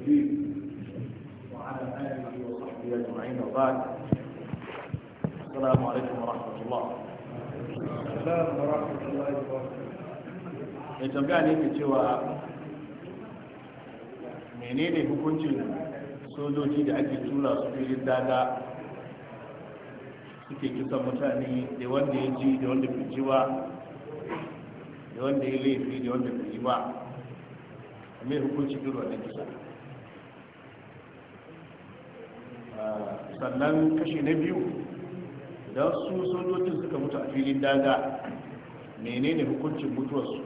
الدين وعلى آله وصحبه أجمعين وبعد السلام عليكم ورحمة الله السلام ورحمة الله وبركاته mai tambaya ne ke cewa menene hukuncin sojoji da ake tura su filin dada suke kisan mutane da wanda ya ji da wanda bai ba da wanda ya laifi da wanda bai yi ba mai hukunci duk wannan kisa sannan kashi na biyu don su sojojin suka mutu a filin daga menene hukuncin mutuwarsu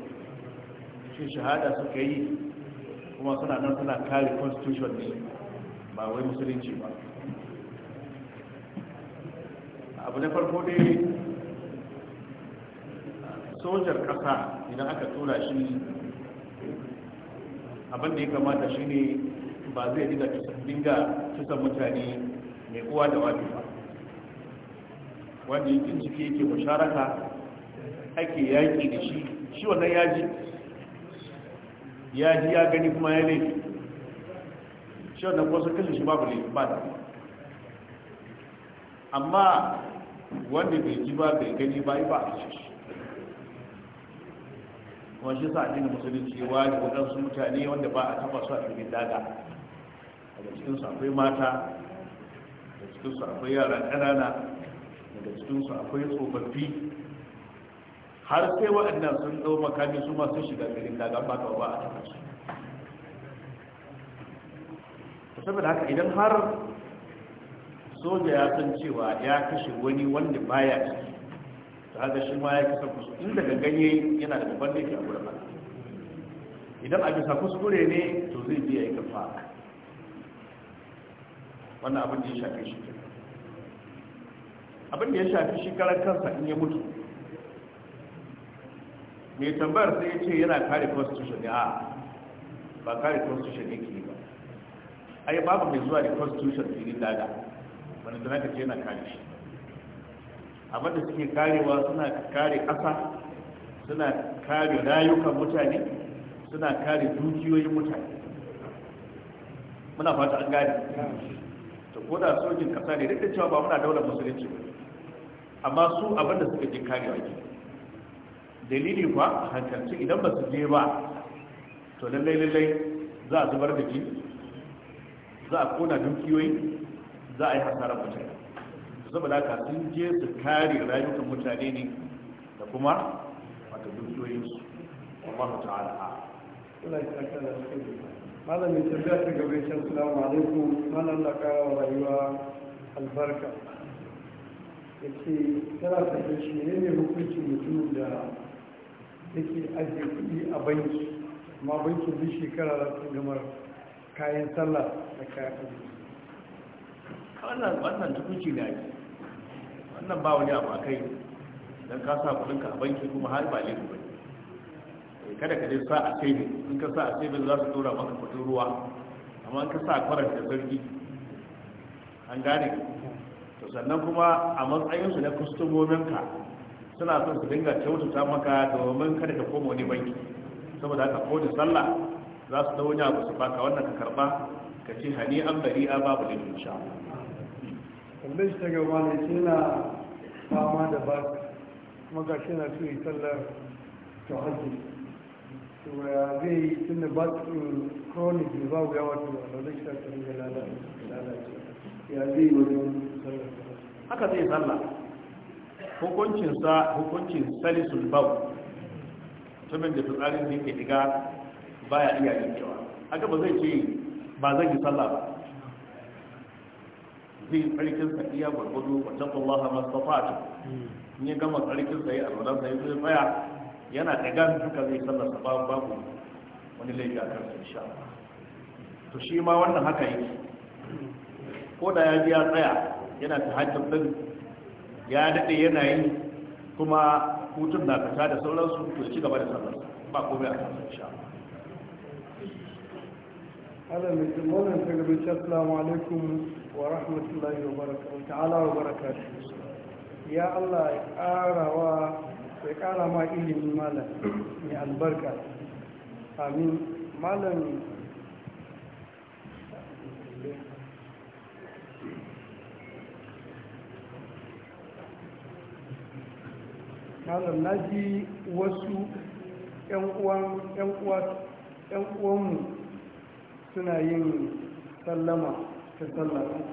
shi shahada suka yi kuma suna nan suna kare constitution ne ba wai musulunci ba abu na farko dai sojar ƙasa idan aka tura shi abinda ya kamata shi ne ba zai dinga dinga kisan mutane mai uwa da wani ba wanda yake ciki yake musharaka ake yaki da shi shi wannan yaji yaji ya gani kuma ya ne shi wannan kwasa kashe shi babu ne ba da amma wanda bai ji ba bai gani ba yi ba a shi wani shi sa cikin musulunci wa wani wadansu mutane wanda ba a taba su a cikin daga daga cikinsu akwai mata daga cikinsu akwai yara ƙanana daga cikinsu akwai tsofaffi har sai waɗannan sun ɗau makami su masu shiga garin daga ba ta ba a taɓa su saboda haka idan har soja ya san cewa ya kashe wani wanda baya ciki ta haka shi ma ya kasa kusa, in daga ganganye yana da babban laifi a gurin idan a bisa kuskure ne to zai biya ya kafa wannan abin da ya shafe shi abin da ya shafi shi karar kansa in ya mutu mai tambayar sai ya ce yana kare constitution ne ba kare constitution ne ke ba ai babu mai zuwa da constitution filin daga wani da ka ce yana kare shi abin da suke karewa suna kare ƙasa suna kare rayukan mutane suna kare dukiyoyin mutane muna fata an gane ko koda sojin kasa ne duk da cewa ba muna daular musulunci ba amma su abin da suka je karewa ke dalili kuwa hankalci idan ba su je ba to lallai lallai za a zubar da jini za a kona dukiyoyi za a yi hasarar mutane saboda haka sun je su kare rayukan mutane ne da kuma wata dukiyoyinsu Allah ta'ala a. Allah ya malamin tambaya ta gabe can salamu alaikum malam laka wa rayuwa albarka ya ce tana tafiya shi ne ne hukunci mutum da yake ajiye kuɗi a banki amma banki duk shekara da su gamar kayan sallah da kayan kuɗi wannan wannan tukunci da ake wannan ba wani abu a kai don ka sa kuɗinka a banki kuma har ba laifin Eh, kada ka je sa a tebur in ka sa a tebur za su tura maka kudin ruwa amma in ka sa faranta zargi an gane to sannan kuma a matsayinsu na ka suna son su dinga kyautata maka domin kada ka koma wani banki saboda haka ko da sallah za su dawo ku su baka wannan ka karba ka ce hani an bari a babu da insha Allah shi ta gaba ne shi na fama da ba kuma ga shi na su yi sallar ta hajji to ya zai tun da ba su ba wuya wata ba zai lalace ya zai sallah haka zai sallah hukuncin salisul bau mutumin da fitsarin da ke diga baya iya yankewa haka ba zai ce ba zai yi sallah ba zai tsarkin sa iya gwargwado wa taɓa Allah ma safa ta Ni ya gama tsarkin sa yi a rolan sa yi zai tsaya yana gani duka zai sallar sa babu babu wani laifi a kansa insha Allah to shi ma wannan haka yake ko da ya biya tsaya yana ta hajjar ɗin ya daɗe yana yi kuma hutun na fita da sauransu to ci gaba da sallar ba komai a kansa insha Allah هذا مثل مولانا تقبل wa barakatuhu ورحمة الله وبركاته تعالى وبركاته ya kara ma ilimin malam mai albarka amin malam malam na ji wasu 'yan uwanmu suna yin sallama ta sallama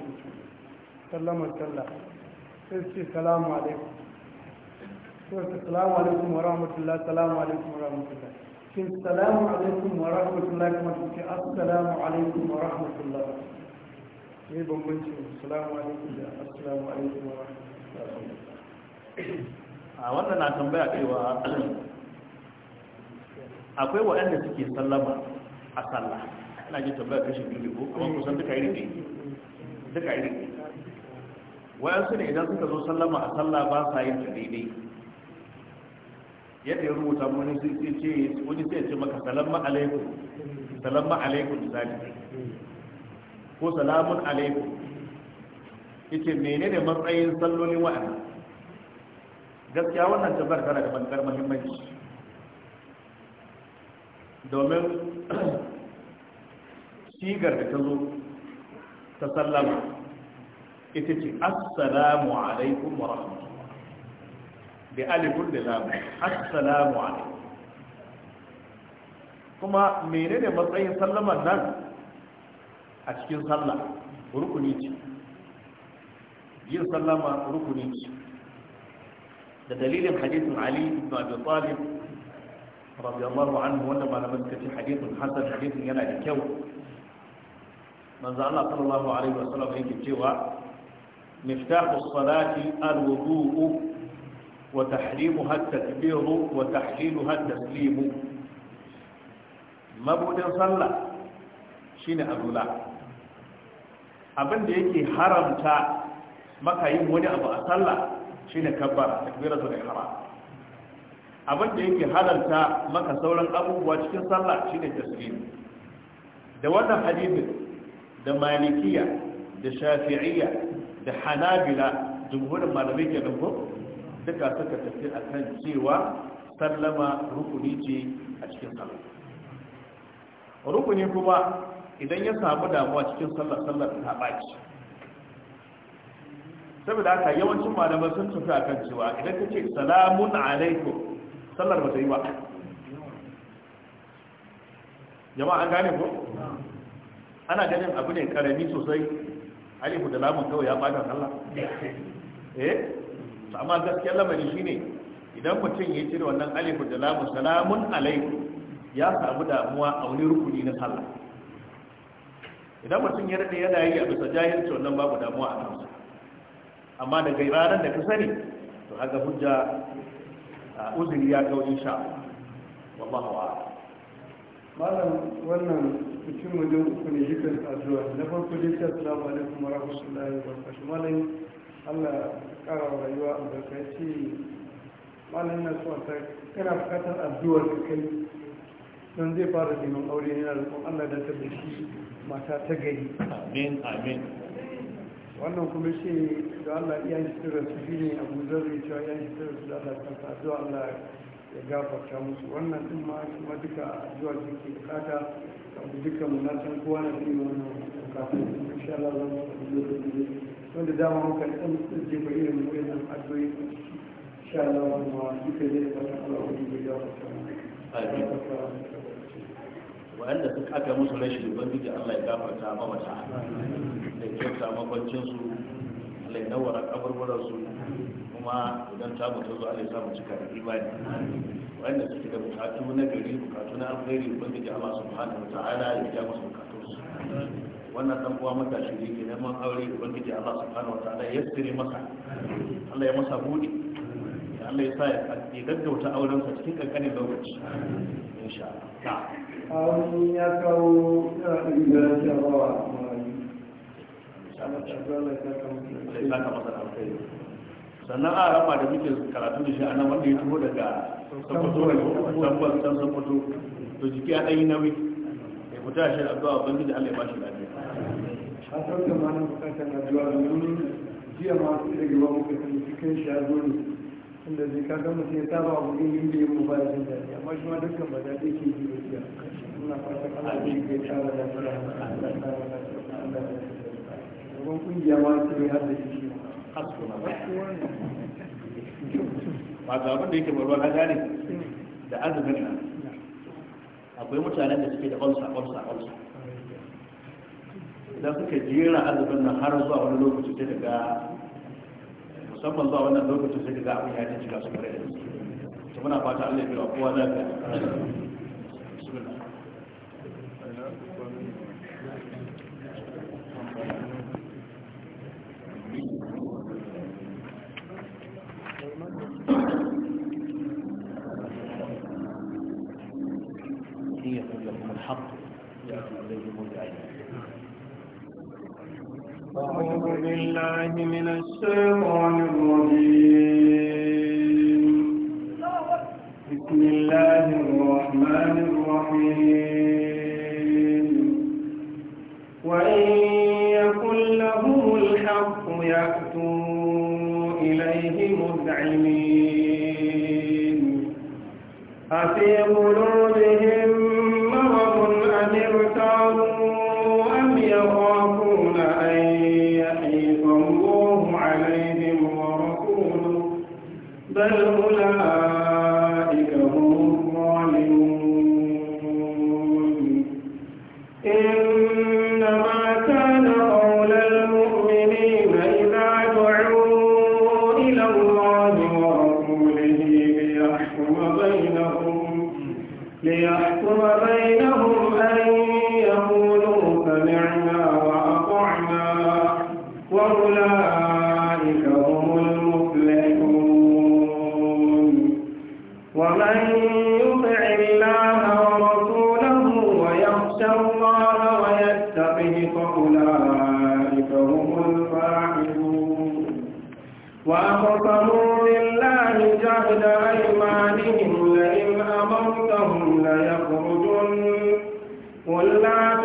sallama sallama sai ce salamu alaikum Assalamu alaikum wa rahmatullah, assalamu alaikum wa rahmatullah. Shin salamu alaikum wa rahmatullah assalamu alaikum wa rahmatullah. bambanci salamu alaikum da assalamu alaikum wa rahmatullah. A wannan na tambaya cewa akwai waɗanda suke sallama a sallah. Ina ji tambaya kashe biyu ko kuma kusan duka iri Duka iri Wayansu ne idan suka zo sallama a sallah ba sa yin daidai. yadda ya rubuta wani sai ce wani sai ce maka salamu alaikum salamu alaikum misali ko salamun alaikum yace menene matsayin sallolin wa'ana gaskiya wannan tabbar tana da bangar muhimmanci domin shigar da ta zo ta sallama ita ce assalamu alaikum wa rahmatullahi da alifun da lamu assalamu alaikum kuma menene matsayin sallaman nan a cikin sallah rukuni ce yin sallama rukuni ce da dalilin hadithin ali ibn abi talib radiyallahu anhu wanda malaman suka ce hadithin hassan hadithin yana da kyau manzo Allah sallallahu alaihi wasallam yake cewa miftahu salati alwudu وتحريمها التكبير وتحليلها التسليم مبودن صلى شين أرولا abin da yake haramta maka yin wani abu a sallah shine kabbara takbiratul ihram abin da yake halalta maka sauran abubuwa cikin sallah shine taslim da wannan hadisin da malikiya da shafi'iyya da hanabila jumhurin malamai duka suka tafi a kan cewa sallama rukuni ce a cikin sallar rukuni kuma idan ya samu damuwa cikin sallar sallar ta baki saboda haka yawancin malamai sun tafi a kan cewa idan ka ce salamun alaikum sallar ba ta yi ba jama'a an gane ko ana ganin abu ne karami sosai alifu da lamun kawai ya bada sallar eh to amma gaskiyar lamari shine idan mutum ya cire wannan alifu da lamun salamun alaikum ya samu damuwa a wani rukuni na sallah idan mutum ya rade yana yi a bisa jahilci wannan babu damuwa a kansa amma daga ranar da ka sani to haka hujja a uzuri ya kau insha wallahu a'lam malam wannan mutum wajen uku ne jikin addu'a na farko dai assalamu alaikum warahmatullahi wabarakatuh malam Allah kara rayuwa albarka ya na ta kana bukatar addu'ar kai don zai fara neman aure yana da Allah ta shi mata ta gari amin amin wannan kuma shi da Allah iya yi sirra su shi ne abu zarri cewa iya yi sirra su da Allah ta sa Allah ya gafarta musu wannan din ma ma duka zuwa da ke bukata abu duka munatan kowa na wannan bukata insha Allah zan wanda dama muka ɗan jefa irin wayannan addu'o'i insha Allah ma suka zai ta Allah wani bai ya fara amin wa'anda suka aka musu rashin ubangiji Allah ya gafarta wata da kyauta makwancin su Allah ya nawara kaburburan su kuma idan ta mutu zuwa Allah ya samu cika da imani wa'anda su da bukatu na gari bukatu na alkhairi ubangiji Allah subhanahu wa ta'ala ya ja musu bukatun su wannan dan uwa shi ne ke neman aure ubangiji Allah subhanahu wataala ya tsire masa Allah ya masa buɗe Allah ya sa ya gaggauta auren sa cikin kankanin lokaci insha Allah amin ya kawo da inganta rawa sannan a rama da muke karatu da shi a wanda ya taho daga sokoto da sokoto to jiki a ɗanyi nauyi mu tashi addu'a ubangiji Allah ya bashi lafiya a san da malam bukatar addu'a domin jiya ma su da gaba muka san cikin shi a zo ne tunda zai ka gama sai ta ba abu yin da ya mu ba da jin daɗi amma shi ma dukkan ba da ɗaya ke ji gaskiya muna fata Allah zai kai tsara da tsara da tsara da tsara gaban kungiya ma su ne har da shi ba ga abin da yake barwa na gane da azumin nan akwai mutanen da suke da ƙwamsa ƙwamsa ƙwamsa idan suka jera azumin nan har zuwa wani lokaci ta daga musamman zuwa wannan lokacin sai daga ga abin ya ci gaba su kare da su muna fata Allah ya bi wa kowa lafiya الله من الشيطان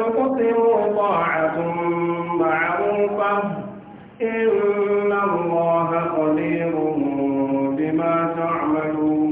تقصروا طاعة معروفة إن الله خبير بما تعملون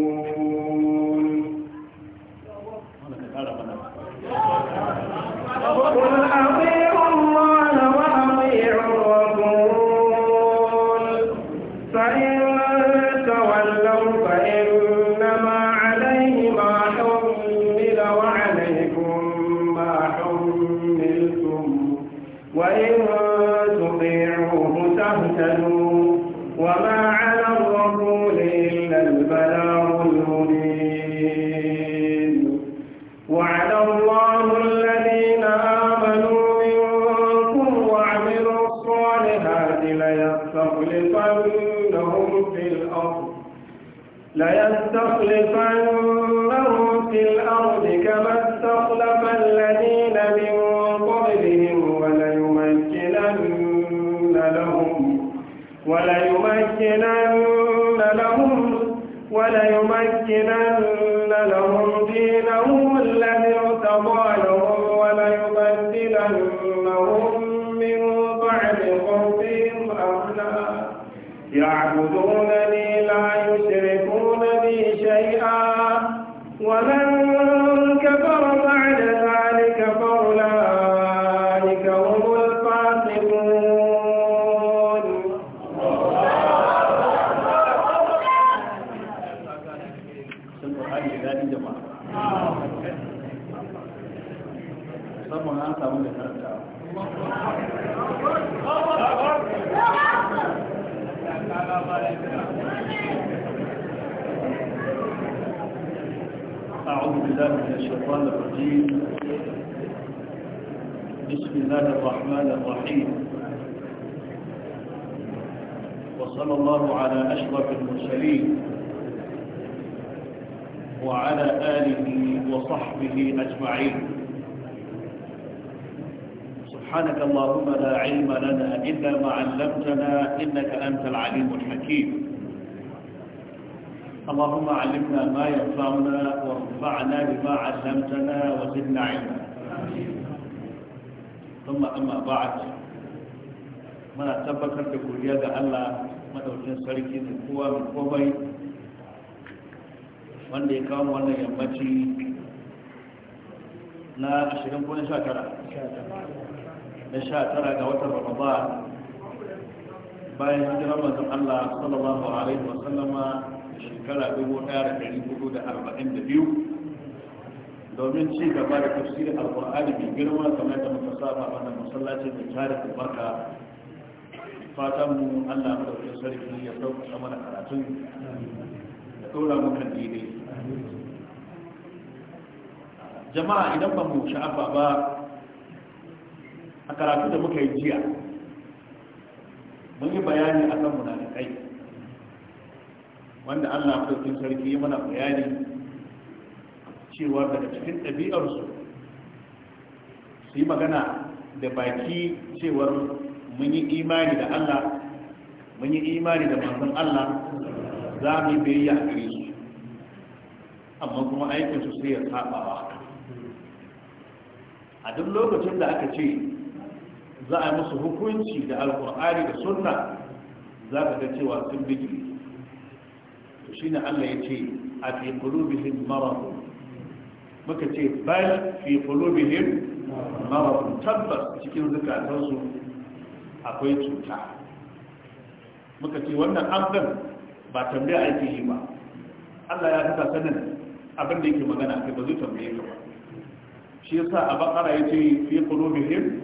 an samu da karanta أعوذ بالله من الشيطان الرجيم بسم الله الرحمن الرحيم وصلى الله على أشرف المرسلين وعلى آله وصحبه أجمعين سبحانك اللهم لا علم لنا إلا ما علمتنا إنك أنت العليم الحكيم اللهم علمنا ما ينفعنا وانفعنا بما علمتنا وزدنا علما ثم أما بعد muna tabbatar da godiya ga Allah madaukin sarki da kowa mai komai wanda ya kawo wannan yammaci na 20 ko na 19 na sha tara ga watan ramadan bayan hijirar manzon Allah sallallahu alaihi wa sallama shekara dubu ɗaya da ɗari hudu da arba'in da biyu domin ci gaba da tafsirin alƙur'ani mai girma kamar da muka saba wannan masallacin da tare da baka fatan mu Allah mu dauke sarki ya sauka da karatun da dora mu kan daidai jama'a idan ba mu sha'afa ba a karatu da muka yi jiya mun yi bayani a kan munafikai wanda allah ɗaukin sarki yi mana bayani cewa daga cikin ɗabi'arsu su yi magana da baki cewar mun yi imani da allah mun yi imani da manzon allah za mu yi biyayya a gare su amma kuma aikinsu sai ya saɓawa a duk lokacin da aka ce za a yi musu hukunci da alkur'ani da sunna za ka ga cewa sun biki to ne Allah ya ce a fi qulubihim marad muka ce bal fi qulubihim marar, tabbas cikin zukatansu akwai cuta muka ce wannan abdan ba tambaya aiki yi ba Allah ya hada sanin abin da yake magana kai ba zai tambaye ka ba shi yasa a bakara yace fi qulubihim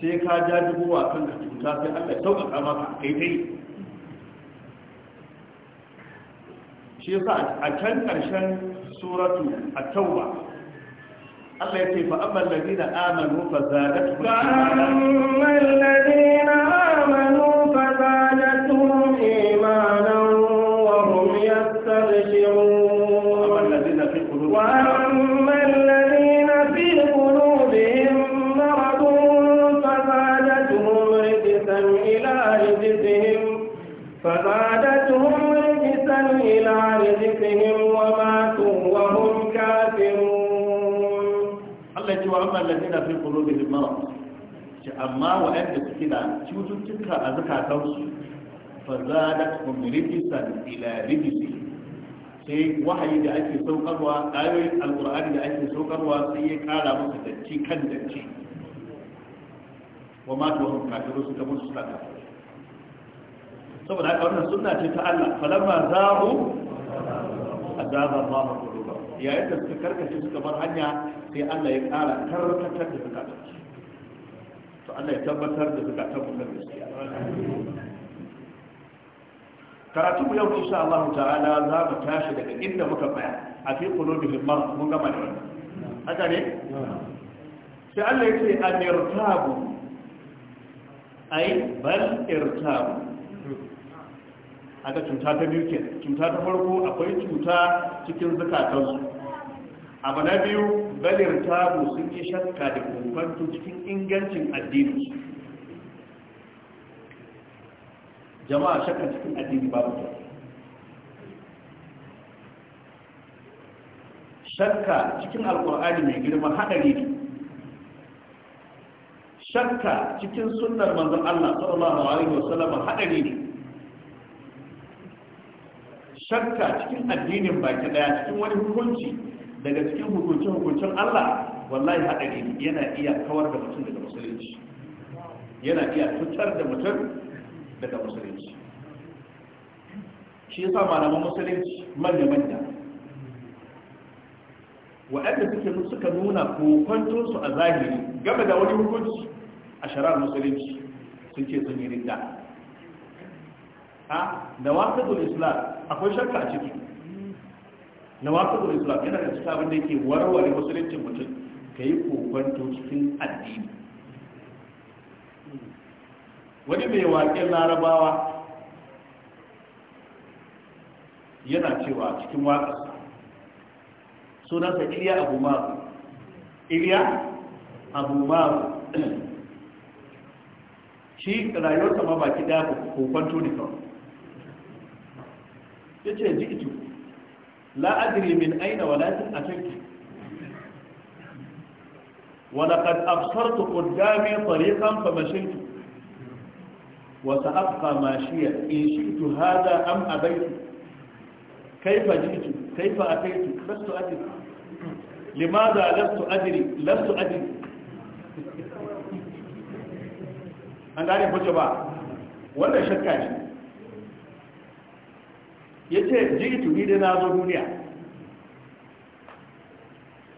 sai ka jaji dubu a kan ka cuta sai Allah ya sauƙaƙa maka a kai dai shi yasa a can ƙarshen suratu a tauba Allah ya ce fa amma alladhina amanu fa zadatuhum amanu ce wa amma lalina fi qulubihim marad ce amma waɗanda suke da cututtuka a zakatansu fa da hum rijisan ila rijisi sai wahayi da ake saukarwa ayoyin da ake saukarwa sai ya kara musu dacci kan dacci wa ma tuwon kafiru suka musu suka kafiru saboda haka wannan sunna ce ta Allah falamma za'u azaba Allah quluba yayin da suka karkace suka bar hanya sai Allah ya ƙara tarkatar da zukatan to Allah ya tabbatar da zukatan mu kan gaskiya karatu mu yau insha Allah ta'ala za mu tashi daga inda muka tsaya a fi qulubihim marad mun gama da wannan haka ne sai Allah ya ce an yartabu ai bal irtabu aka cuta ta biyu ke cuta ta farko akwai cuta cikin zukatansu abu na biyu balin tabu sun yi shakka da kofanto cikin ingancin addininsu jama'a shakka cikin addini ba ta shakka cikin alkur'ani mai girma haɗari ne shakka cikin sunar manzan Allah sallallahu alaihi wasallam haɗari ne shakka cikin addinin baki ɗaya cikin wani hukunci daga cikin hukuncin hukuncin Allah wallahi haɗari yana iya kawar da mutum daga musulunci yana iya fitar da mutum daga musulunci shi yasa malaman musulunci manya-manya waɗanda suke suka nuna kokontonsu a zahiri game da wani hukunci a shara'ar musulunci sun ce sun yi rinda a da wasu islam akwai shakka a ciki na wasu islam yana da cikin abin da yake warware musuluncin mutum ka yi kokwanto cikin addini wani mai waƙen larabawa yana cewa cikin waƙarsa sunansa iliya abu maru iliya abu maru shi rayuwarsa ma baki daya kokwanto ne kawai ya ce ji لا أدري من أين ولكن أتيت ولقد أبصرت قدامي طريقا فمشيت وسأبقى ماشيا إن شئت هذا أم أبيت كيف جئت كيف أتيت لست أدري لماذا لست أدري لست أدري أنا أعرف جبار ولا شكاش ya ce jitu ni dai na zo duniya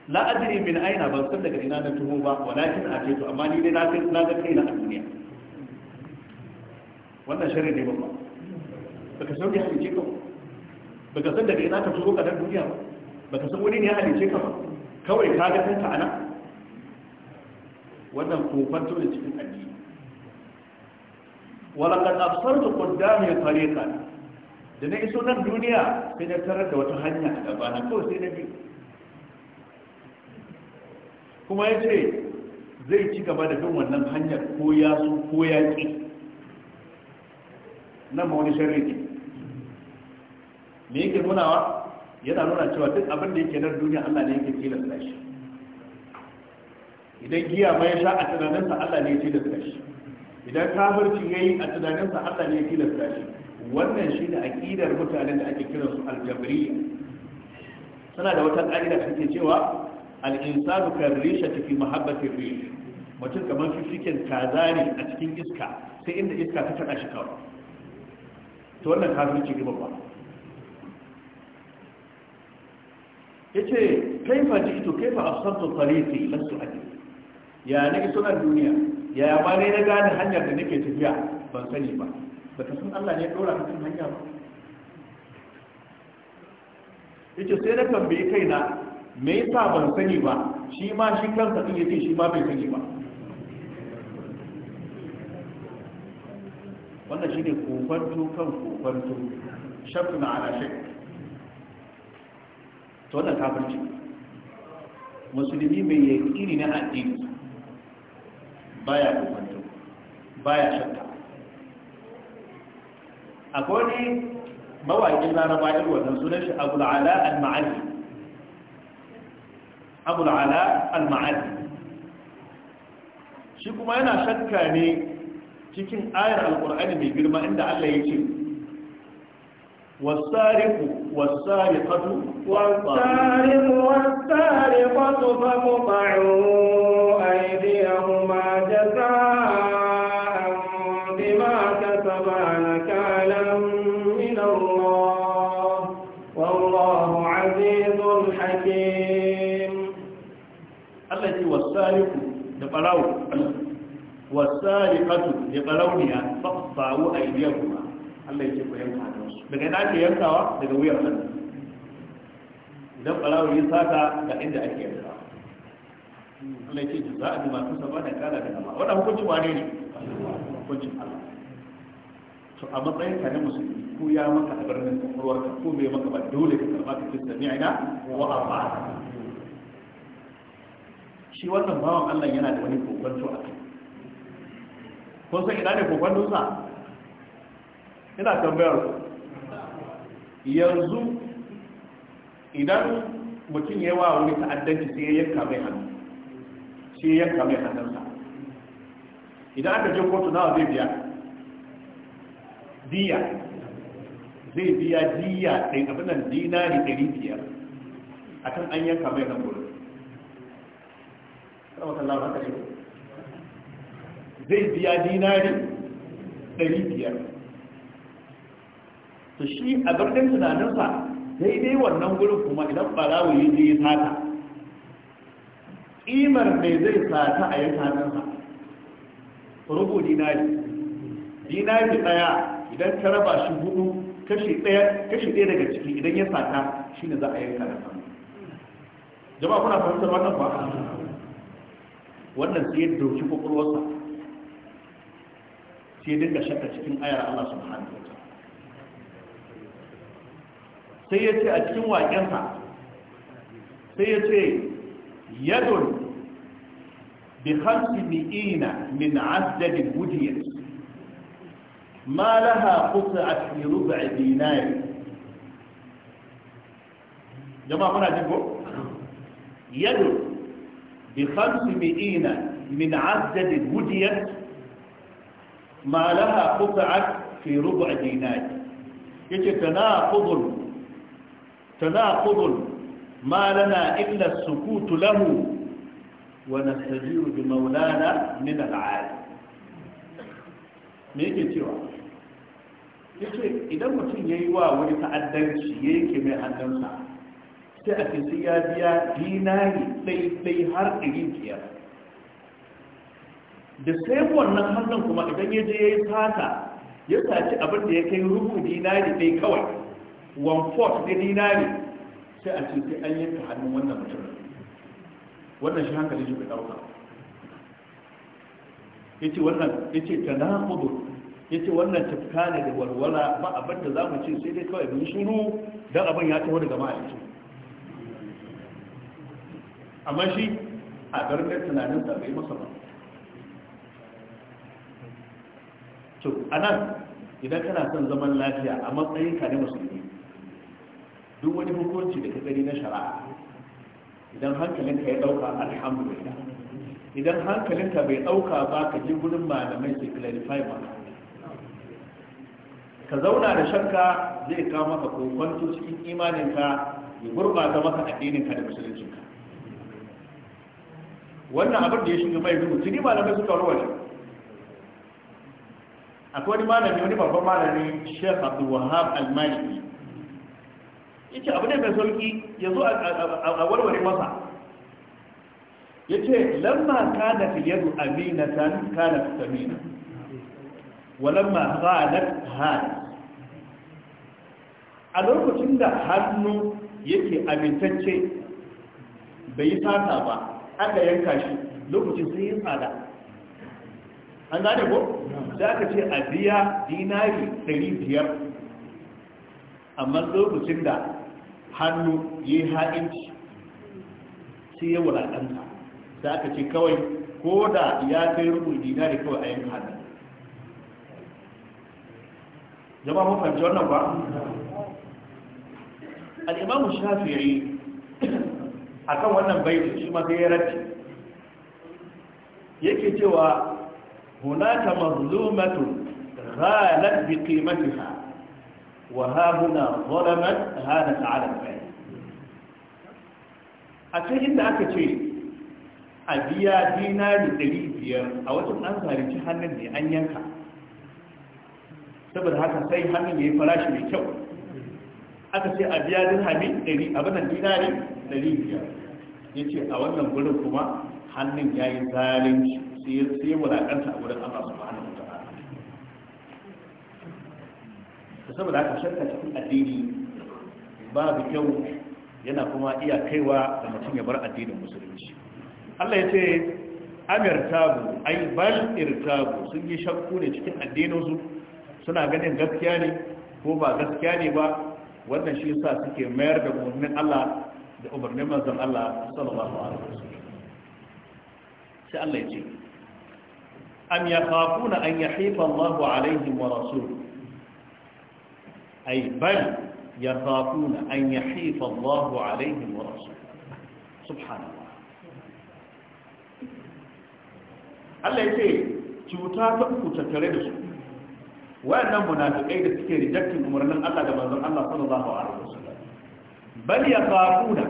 la adri min aina ban san daga ina na tuho ba walakin a ce to amma ni dai na na ga kaina a duniya wannan shirin ne babba baka san ya halice ka baka san daga ina ka tuho ka dan duniya ba baka san wani ne ya halice ka ba kawai ka ga kanka nan. wannan kofanto da cikin addini Wala ولقد أبصرت قدامي طريقا da na iso nan duniya sai na tarar da wata hanya a gabana kawai sai na bi kuma ya ce zai ci gaba da bin wannan hanyar ko ya su ko ya ƙi nan ma wani sharri ne me yake nunawa yana nuna cewa duk abin da yake nan duniya allah ne yake tilasta shi idan giya ma ya sha a tunaninsa allah ne ya tilasta shi idan kafirci ya yi a tunaninsa allah ne ya tilasta shi wannan shi da aƙidar mutanen da ake kiran su aljabriya suna da wata ƙa'ida da take cewa al'insanu kan risha tafi mahabbatin rish mutum kamar fifikin kaza ne a cikin iska sai inda iska ta tana shi kawai ta wannan kafin kafirci ne babba ya ce kaifa jikito kaifa asabtu tariqi lasu aji ya na iso nan duniya ya ma ne na gane hanyar da nake tafiya ban sani ba baka san Allah ne ya dora ka kan hanya ba yace sai na tambayi kaina me yasa ban sani ba shi ma shi kansa din yace shi ma bai sani ba wannan shine kofanto kan kofanto shakku na ala shak to wannan kafirci musulmi mai yaƙini na addini baya kofanto baya shakka akwai ne mawaƙin laraba irin wannan sunan shi abu ala al-ma'ali abu al-ma'ali shi kuma yana shakka ne cikin ayar alƙur'ani mai girma inda Allah ya ce wasariku wasariqatu wasariqu wasariqatu faqta'u aydiyahuma jazaa barawo wasariqatu li Allah ya ce ku yanka hannunsu daga ina ake yankawa daga wuyar hannu idan barawo ya sata ga inda ake yankawa Allah ya ce za a ji masu saba da kala da hukuncin Allah to a matsayin ka na musulmi ko ya maka a birnin ko bai maka ba dole ka karɓa ka fi sami'ina wa shi wannan bawan Allah yana da wani kokwanto a kai kun san ina ne kokonto sa ina tambayar yanzu idan mutum ya wa wani ta'addanci sai ya yanka mai hannu sai ya yanka mai hannunsa idan aka je kotu nawa zai biya diya zai biya diya ɗin abinan dinari 500 akan an yanka mai hannun zai biya dinari ɗari biyar to shi a birnin tunaninsa daidai wannan gurin kuma idan ɓarawo yi ya sata ƙimar mai zai sata a yin hannunsa rubu dinari dinari ɗaya idan ta raba shi hudu kashi ɗaya daga ciki idan ya sata shi ne za a yanka da sama jama'a kuna fahimtar wannan ba wannan sai ya dauki kwakwalwarsa sai dinga shakka cikin ayar Allah subhanahu wa sai ya ce a cikin waƙensa sai ya ce yadon bi hamsi mi'ina min azdadin wujiyar ma laha kusa a fi rubu a dinari jama'a kuna jiko? ko yadon بخمس مئين من عدد هديت ما لها قطعت في ربع دينار يجي تناقض تناقض ما لنا إلا السكوت له ونستجير بمولانا من العالم me يجي cewa يجي إذا idan mutum ya yi wa wani ta'addanci sai a cikin ya biya dinari ɗaiɗai har ɗari biyar da sai wannan hannun kuma idan ya je ya yi fata ya saci abin da ya kai rubu dinari ɗai kawai one fourth na dinari sai a cikin an an ta hannun wannan mutum wannan shi hankali shi bai ɗauka ya ce wannan ya ce ta na ya ce wannan tafka ne da walwala ba abin da za mu ce sai dai kawai mun shuru don abin ya taho daga ma'aikacin amma shi a gargar tunanin sa bai masa ba to anan idan kana son zaman lafiya a matsayin ka ne musulmi duk wani hukunci da ka gani na shari'a idan hankalinka ya dauka alhamdulillah idan hankalinka bai dauka ba ka ji gudun malamai ke clarify ba ka zauna da shakka zai kawo maka kokonto cikin imaninka ya gurbata maka addininka da musuluncinka wannan abin da ya shiga mai duhu tuni malamai suka warware akwai wani malami wani babban malami Sheikh Abdul Wahab Al-Maliki yace abu ne mai sauki zo a warware masa ce, lamma kana fil yadu aminatan kana tamina walamma khalat hal a lokacin da hannu yake amintacce bai yi sata ba aka yanka shi lokacin sun yi tsada an gane ko za ka ce a biya dinari 500 amma lokacin da hannu ya yi ha'inci sai ya wulaɗanta za ka ce kawai ko da ya kai rubu dinari kawai a yanka hannu zama mun wannan ba al-imamu shafi'i akan wannan baitin shi ma sai ya rabbi yake cewa hunaka mazlumatun ghalat bi qimatiha wa ha huna zalamat hada ta'ala al a cikin da aka ce a biya dinari biyar a wajen an zalunci hannun ne an yanka saboda haka sai hannun ya yi farashi mai kyau aka ce a biya dirhami 100 abinan dinari biyar ya ce a wannan gurin kuma hannun ya yi zalunci sai ya sai wulaƙanta a wurin allah su ma'ana wata ta saboda haka shakka cikin addini babu kyau yana kuma iya kaiwa da mutum ya bar addinin musulunci allah ya ce amir tabu ai bal irtabu sun yi shakku ne cikin addininsu suna ganin gaskiya ne ko ba gaskiya ne ba wannan shi yasa suke mayar da umarnin Allah da umarnin manzon Allah sallallahu alaihi wasallam sai Allah ya ce am yakhafuna an yahifa Allahu alaihim wa rasuluhu ay bal yakhafuna an yahifa Allahu alaihim wa rasuluhu subhanallah Allah ya ce cuta ta uku tattare da su wayannan munafikai da suke rejecting umarnin Allah da manzon Allah sallallahu alaihi wasallam bal yakhafuna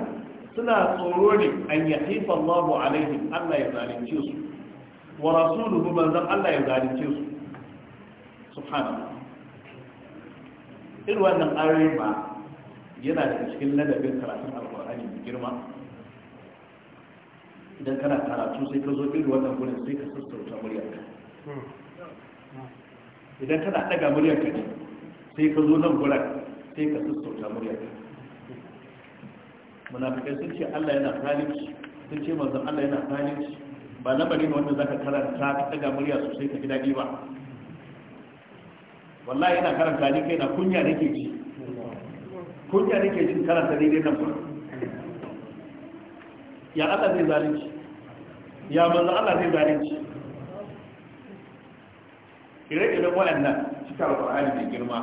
suna tsoro ne an yaqifa Allahu alaihim Allah ya zalunce su wa rasuluhu manzon Allah ya zalunce su subhanallah irin wannan ayoyi ba yana da cikin ladabin karatun alkur'ani da girma idan kana karatu sai ka zo irin wannan gurin sai ka sassauta muryarka idan kana daga muryarka ne sai ka zo nan gurin sai ka sassauta muryarka munafikai sun ce Allah yana zalunci sun ce manzon Allah yana zalunci ba na ne wanda zaka karanta ka daga murya sosai ka gida ba wallahi ina karanta ne kai na kunya nake ji kunya nake ji karanta ne dai nan ba ya Allah zai zalunci ya manzon Allah zai zalunci ire-iren waɗannan cikin alƙur'ani mai girma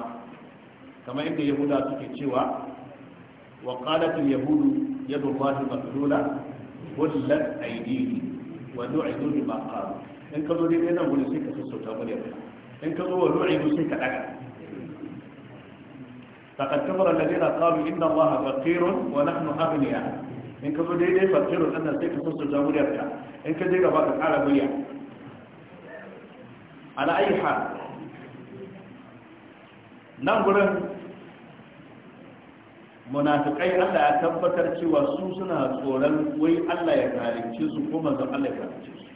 kamar inda yahuda suke cewa وقالت اليهود يد الله مغلولة غلت أيديهم ولعنوا بما قالوا إن كانوا دي أنا أقول سيكا في السلطة إن كانوا ولعنوا سيكا أكا فقد كفر الذين قالوا إن الله فقير ونحن أغنياء إن كانوا دي فقير أن سيكا في السلطة إن كانوا دي باقي على بيع على أي حال nan gurin munafikai Allah ya tabbatar cewa su suna tsoron wai Allah ya zalunce su ko manzon Allah ya zalunce su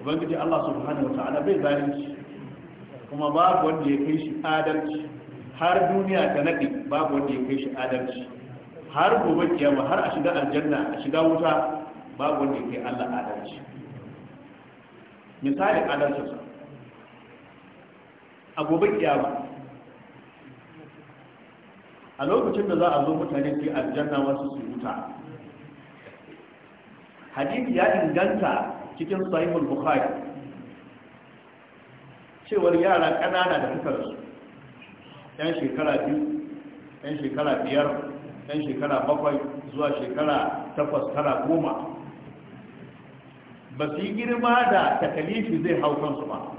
ubangiji Allah subhanahu wa ta'ala bai zalunci kuma babu wanda ya kai shi adalci har duniya ta nade babu wanda ya kai shi adalci har gobe kiyama har a shiga aljanna a shiga wuta babu wanda ya kai Allah adalci misali adalcinsa a gobe kiyama a lokacin da za a zo mutane ke aljanna wasu su wuta hadisi ya inganta cikin sahihul bukhari cewar yara ƙanana da suka rasu yan shekara biyu shekara biyar ɗan shekara bakwai zuwa shekara takwas tara goma ba su yi girma da takalifi zai hau kansu ba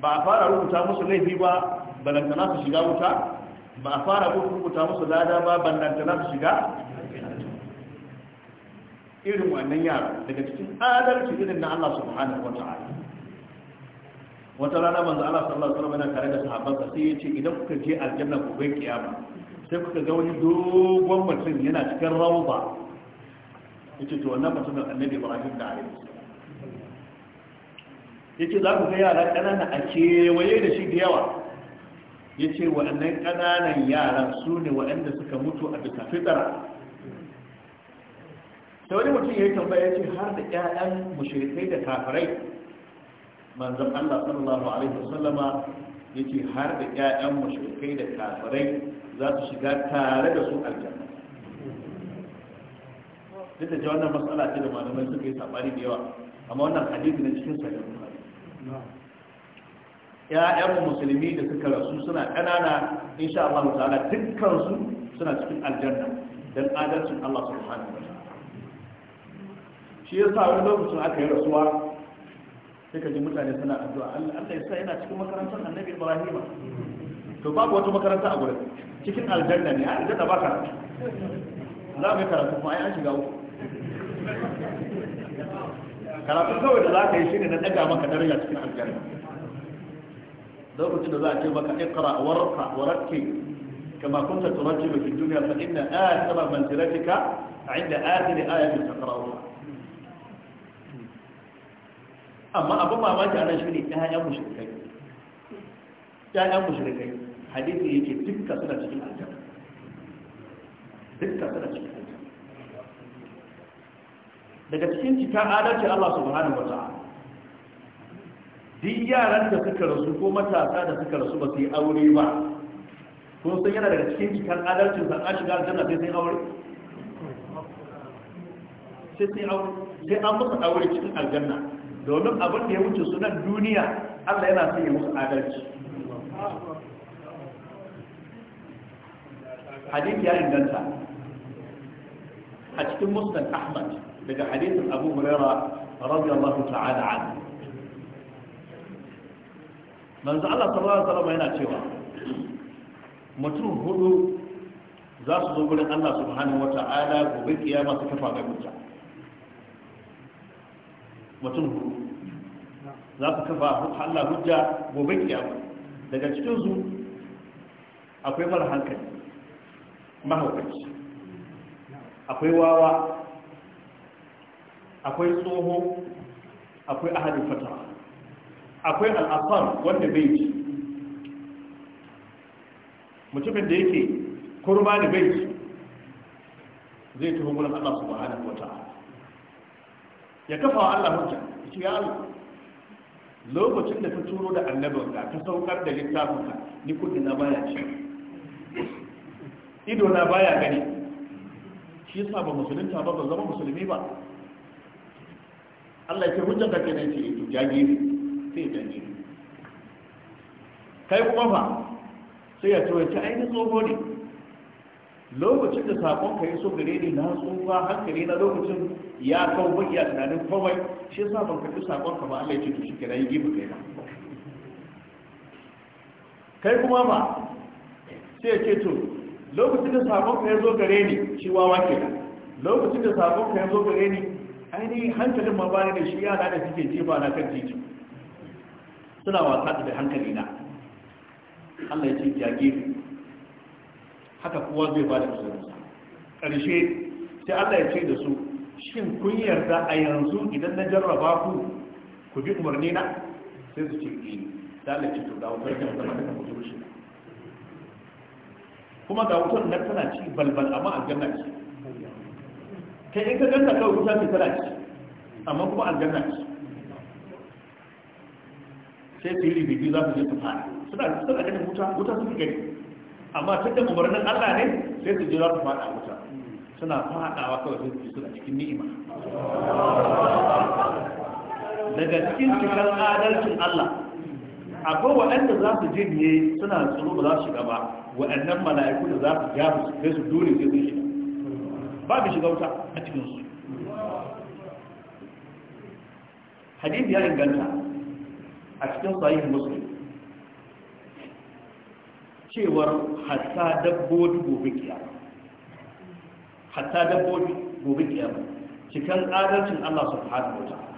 ba a fara rubuta musu laifi ba balantana su shiga wuta ba a fara rubuta musu lada ba ban na su shiga irin wannan yara daga cikin adalci irin na Allah subhanahu wa ta'ala wata rana manzo Allah sallallahu alaihi wasallam yana tare da sahabbansa sai ya ce idan kuka je aljanna gobe kiyama sai kuka ga wani dogon mutum yana cikin rawba yace to wannan mutumin annabi Ibrahim da alaihi yace za ku ga yara kanana a kewaye da shi da yawa ya ce waɗannan ƙananan yaran su ne waɗanda suka mutu a bisa fitara da wani mutum ya yi tambaya ya ce har da ƴaƴan mushrikai da kafirai manzon Allah sallallahu alaihi wasallama ya ce har da ƴaƴan mushrikai da kafirai za su shiga tare da su aljanna duk da wannan matsala ce da malamai suka yi sabani da yawa amma wannan hadisi na cikin sahih bukhari ya'yan musulmi da suka rasu suna ƙanana insha Allah ta'ala dukkan su suna cikin aljanna dan adalcin Allah subhanahu wa ta'ala shi yasa wani lokacin aka yi rasuwa sai ka ji mutane suna addu'a Allah ya sa yana cikin makarantar Annabi Ibrahim to babu wata makaranta a gurin cikin aljanna ne aljanna ba ka za mu yi karatu kuma ai an shiga uku karatu kawai da za ka yi shi ne na daga maka daraja cikin aljanna لوكتنا ذات يومك اقرأ ورقع ورقع كما كنت ترجم في الدنيا فإن آثر منزلتك عند آثر آية تقرأها أما أبو ما أمانت أنا شميني يا هيا مشركين يا هيا مشركين حديثي يجي تبكى سنة في الأجر تبكى سنة في الأجر لقد كنت كعادة الله سبحانه وتعالى yaran da suka rasu ko matasa da suka rasu ba su yi aure ba ko sun yana daga cikin cikin adalcin san an shiga aljanna sai sun aure sai aure sai an musu aure cikin aljanna domin abin da ya wuce sunan duniya Allah yana sanya ya musu adalci Hadith ya inganta a cikin musnad ahmad daga hadithin abu hurairah radiyallahu ta'ala anhu manzo Allah sallallahu alaihi wasallam yana cewa mutum hudu za su zo gurin Allah subhanahu wata'ala gobe kiyama su kafa ga hujja mutum hudu za su kafa Allah hujja gobe kiyama daga cikin su akwai mara hankali mahaukaci akwai wawa akwai tsoho akwai ahadin fatawa akwai al'asar wanda bai ci mutumin da yake kurma da bai ci zai tuhu wurin Allah ko ta'a. ya kafa wa Allah hujja ce ya Allah lokacin da ta turo da annabinka ta saukar da littafinka ni kudi na baya ce ido na baya gani shi yasa ba ta ba ba zama musulmi ba Allah ya ce hujjar ke nan ce to jage sai canje kai kuma fa sai ya tsoye ta ainihin tsoho ne lokacin da sakon ka yi so gare ni na tsohuwa hankali na lokacin ya kawo baki a tunanin kawai shi sa ban karɓi sakon ka ba Allah ya ce to shi kira yi gibu kai ba kai kuma ba sai ya ce to lokacin da sakon ka ya zo gare ni shi wawa da lokacin da sakon ka ya zo gare ni ainihin hankalin ma ba ne da shi yana da suke jefa na kan titi suna wasa da hankali na Allah ya ce jage haka kowa zai ba da musulunci ƙarshe sai Allah ya ce da su shin kun yarda a yanzu idan na jarraba ku ku bi umarni na sai su ce ne eh. da Allah ya ce to da wutar da zama da mutum shi kuma ga wutar nan tana ci balbal amma aljanna ce kai in ka ganta kawai wuta ce tana ci amma kuma aljanna ce sai su yi rigigi za su je su fara suna suna ganin wuta wuta su gani amma ta ɗan umarnin Allah ne sai su je za su fara wuta suna fadawa kawai sai su suna cikin ni'ima daga cikin cikin adalcin Allah akwai waɗanda za su je ne suna tsoro ba za su shiga ba waɗannan mala'iku da za su gafi su sai su dole sai sun shiga ba mu shiga wuta a cikin su hadisi ya inganta a cikin sahih muslim cewar hatta dabbobi gobe kiyama hatta dabbobi gobe kiyama cikin adalcin Allah subhanahu wa ta'ala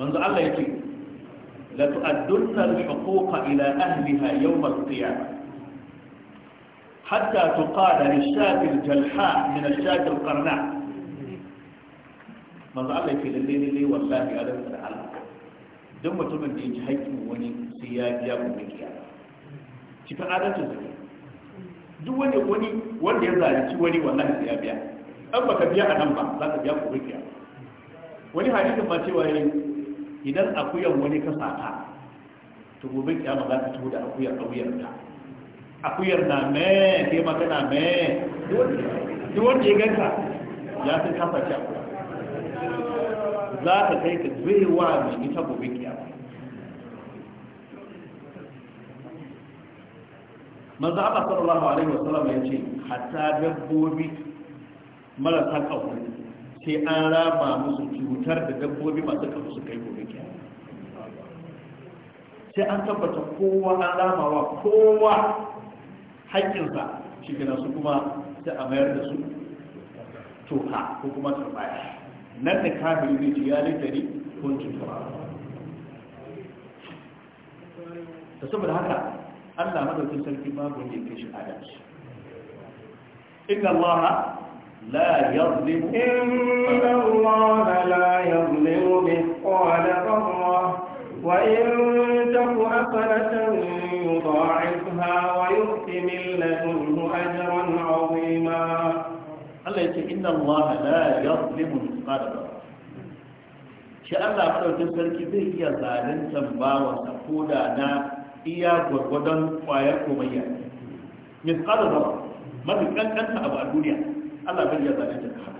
manzo Allah yake la tu'addunna al-huquqa ila ahliha yawm al-qiyamah حتى تقال للشاة الجلحاء من الشاة القرناء ماذا الله يقول لي لي والله أدفع على don mutumin da ya ji haƙƙin wani sai ya biya gobe kiya cikin adalcin su duk wani wani wanda ya zalunci wani wallahi sai ya biya an baka biya a nan ba za ka biya gobe kiya wani hadisin ma cewa yayi idan akuyan wani ka sata to gobe kiyama za ka tuhu da akuyar auyar ta akuyar na me kai magana me duk wanda ya ganka ya san kafa ci akuya za ka kai ka zai wa mai ita gobe kiyama manzo Allah sallallahu alaihi wasallam ya ce hatta dabbobi marasa kafu sai an rama musu cutar da dabbobi masu kafu su kai gobe kiyama sai an tabbata kowa an rama wa kowa haƙƙinsa shi gina su kuma sai a mayar da su toka ko kuma tarbaya nan da kafin zai ci ya laitari kuntun turaba ta saboda haka allah madaukin sarki babu wanda ya kai shi adalci inna allah لا يظلم إن الله لا يظلم مثقال ذرة وإن تك حسنة يضاعفها ويؤتي من Allah ya ce inna Allah la yadhlimu mithqala dharra shi Allah madaukin sarki zai iya zaluntar bawansa ko da na iya gwargwadon kwayar komayya mithqala dharra mafi kankanta abu a duniya Allah bai iya zaluntar ka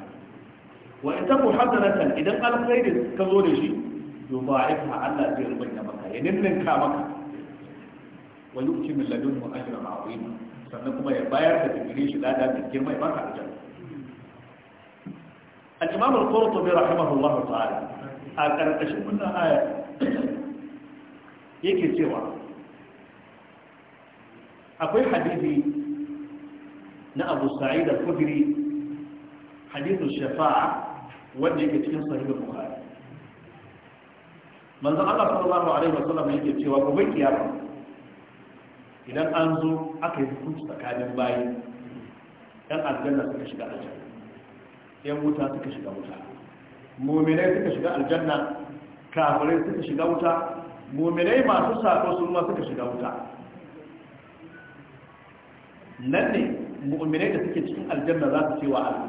wa in taku hasanatan idan alkhairi ka zo da shi yudha'ifha Allah zai rubanya maka ya ninninka maka wa yu'ti min ladunhu ajran 'azima sannan kuma ya bayar da digiri shi lada da girma ya baka aljanna al-imam al-qurtubi rahimahullahu ta'ala a karkashin wannan aya yake cewa akwai hadisi na Abu Sa'id al-Khudri shafa'a wanda yake cikin sahih Bukhari manzo Allah sallallahu alaihi wasallam yake cewa gobe kiyama idan an zo aka yi hukunci tsakanin bayi dan aljanna shiga yan wuta suka shiga wuta muminai suka shiga aljanna kafirai suka shiga wuta muminai masu sako sun ma suka shiga wuta nan ne muminai da suke cikin aljanna za su ce wa Allah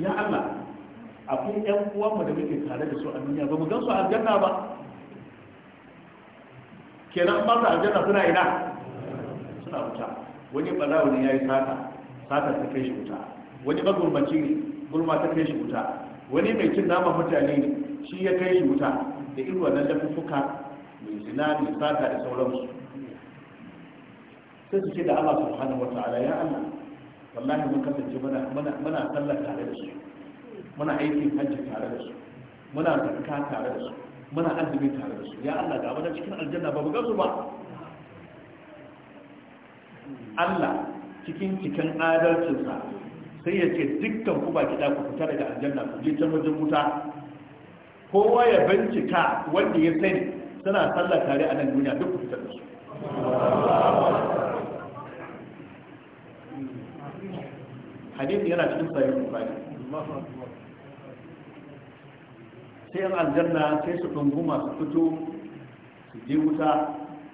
ya Allah akwai yan uwanmu da muke tare da su a duniya ba mu gan su aljanna ba kenan ba su aljanna suna ina suna wuta wani balawo ne ya yi sata sata ta kai shi wuta wani magurbaci ne gurma ta kai shi wuta wani mai cin nama mutane shi ya kai shi wuta da irin wannan lafuffuka mai zina mai sata da sauransu sai su ce da Allah subhanahu wa ta'ala ya Allah wallahi mun kasance muna sallar tare da su muna aikin hajji tare da su muna zakka tare da su muna azumi tare da su ya Allah ga wani cikin aljanna ba buga su ba Allah cikin cikin adalcinsa sai ya ce dukkan ku baki da ku fita daga aljanna ku je can wajen wuta kowa ya bincika wanda ya sani suna sallah tare a nan duniya duk ku fita da su hadisi yana cikin sahih bukhari sai yan aljanna sai su dunguma su fito su je wuta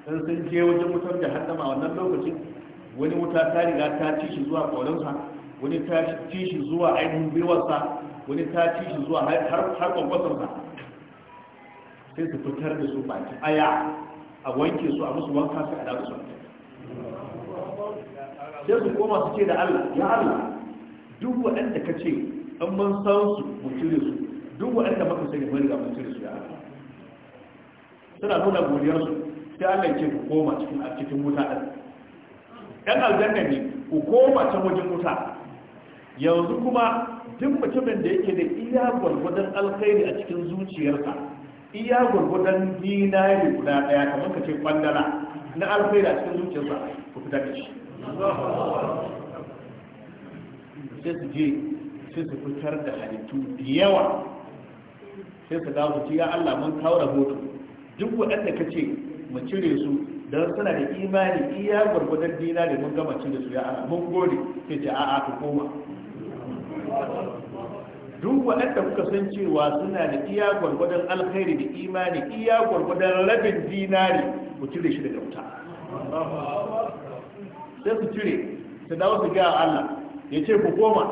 sun je wajen mutar da haddama a wannan lokacin wani wuta ta riga ta ci shi zuwa ƙaurinsa wani ta ci shi zuwa ainihin gwiwarsa wani ta ci shi zuwa har kwakwasarsa sai su fitar da su baki aya a wanke su a musu wanka su a da su sai su koma su ce da Allah ya Allah duk waɗanda ka ce an man san su mutune su duk waɗanda maka sani mun riga mutune su ya Allah suna nuna godiyar su sai Allah ya ce ku koma cikin cikin wuta ɗan ɗan aljanna ne ku koma can wajen wuta yanzu kuma duk mutumin da yake da iya gwargwadon alkhairi a cikin zuciyarsa iya gwargwadon dinari guda daya kamar ka ce kwandala na alkhairi a cikin zuciyarsa ku fitar da shi sai su je sai su fitar da halittu da yawa sai su dawo ci ya Allah mun kawo rahoto duk waɗanda ka ce mu cire su don suna da imani iya gwargwadon dina da mun gama cire su ya ana mun gode sai ce a'a ku koma duk waɗanda kuka san cewa suna da iya gwargwadon alkhairi da imani iya gwargwadon rabin dinari ku cire shi daga wuta sai su cire su dawo su ga Allah ya ce ku koma